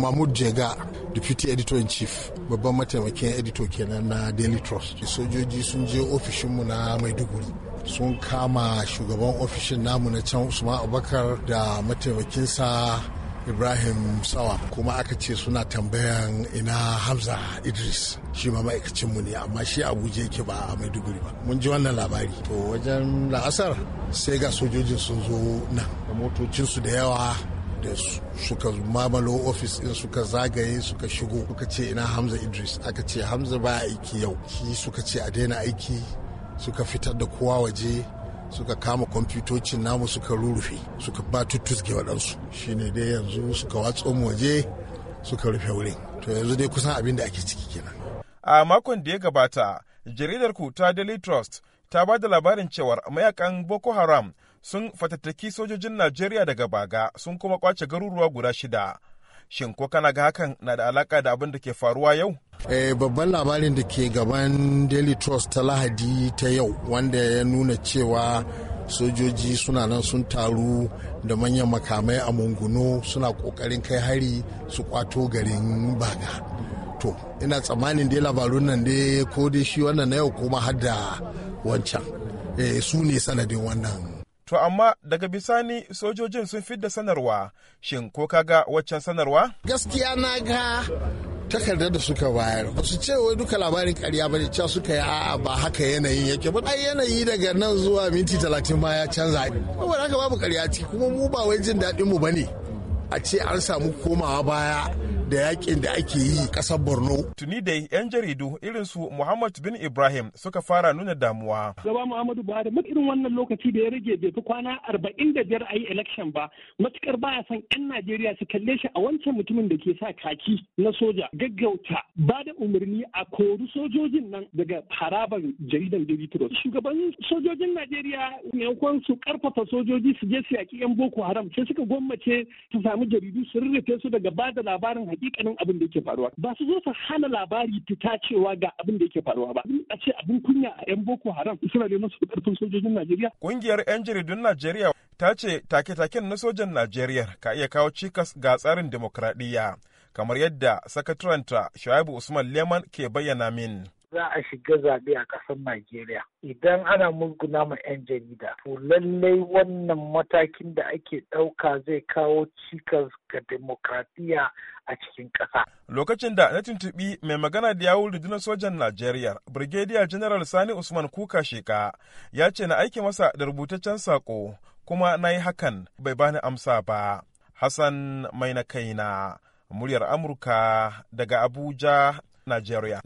mahmud jega deputy editor in chief babban mataimakin editor kenan na daily trust sojoji sun je ofishinmu na maiduguri sun kama shugaban ofishin namu na can usman abubakar da mataimakinsa ibrahim sawa kuma aka ce suna tambayan ina hamza idris shi ma ma'aikacinmu ne amma shi abuja yake ba a maiduguri ba mun ji wannan labari to wajen la'asar sai ga sojojin sun zo nan da motocinsu da yawa da suka mamalo ofis din suka zagaye suka shigo suka ce ina hamza idris aka ce hamza ba aiki yau shi suka ce a daina aiki suka fitar da kowa waje suka kama kwamfutocin namu suka rurufe suka ba tuttuske waɗansu shi ne dai yanzu suka watso mu waje suka rufe wurin to yanzu dai kusan abin da ake ciki kenan a makon da ya gabata jaridar ku ta daily trust ta ba da labarin cewar mayakan boko haram sun fatattaki sojojin Najeriya daga Baga sun kuma kwace garuruwa guda shida. Shin ko kana ga hakan na da alaka da abin da ke faruwa yau? Eh, babban labarin da ke gaban Daily Trust ta Lahadi ta yau wanda ya nuna cewa sojoji suna nan sun taru da manyan makamai a munguno suna kokarin kai hari su kwato garin baga to ina tsammanin dai labarun nan dai ko dai shi wannan na yau kuma har wancan Eh, su ne sanadin wannan To amma daga bisani sojojin sun fidda sanarwa, shin ko kaga waccan sanarwa? Gaskiya na ga takarda da suka bayar ba su ce wai duka labarin karya ba cewa suka yi a'a ba haka yanayin yake ba ai yanayi daga nan zuwa minti talatin ma ya canza saboda haka babu karya ciki kuma mu ba wai jin daɗin mu bane a ce an samu komawa baya da yakin da ake yi kasar borno tuni dai yan jaridu irin su muhammad bin ibrahim suka fara nuna damuwa gaba muhammadu buhari duk irin wannan lokaci da ya rage bai fi kwana arba'in da biyar a yi election ba matukar baya son yan najeriya su kalle shi a wancan mutumin da ke sa kaki na soja gaggauta ba da umarni a kori sojojin nan daga harabar jaridan daily shugaban sojojin najeriya maimakon su karfafa sojoji su je su yaki yan boko haram sai suka gwammace su samu jaridu su rurrufe su daga ba da labarin hakikanin abin da yake faruwa ba su zo su hana labari fita cewa ga abin da yake faruwa ba a ce abin kunya a yan boko haram suna neman su karfin sojojin najeriya kungiyar yan jaridun najeriya ta ce take-taken na sojan najeriya ka iya kawo cikas ga tsarin demokradiyya kamar yadda sakataren ta shaibu usman leman ke bayyana min za a shiga zaɓe a ƙasar Najeriya. Idan ana musguna ma 'yan jarida, to lallai wannan matakin da ake ɗauka zai kawo cikas ga demokradiyya a cikin ƙasa. Lokacin da na tuntuɓi mai magana da yawun rundunar sojan Najeriya, Brigadier General Sani Usman Kuka Sheka, ya ce na aiki masa da rubutaccen saƙo kuma na yi hakan bai bani amsa ba. Hassan Mai na kaina, muryar Amurka daga Abuja, Najeriya.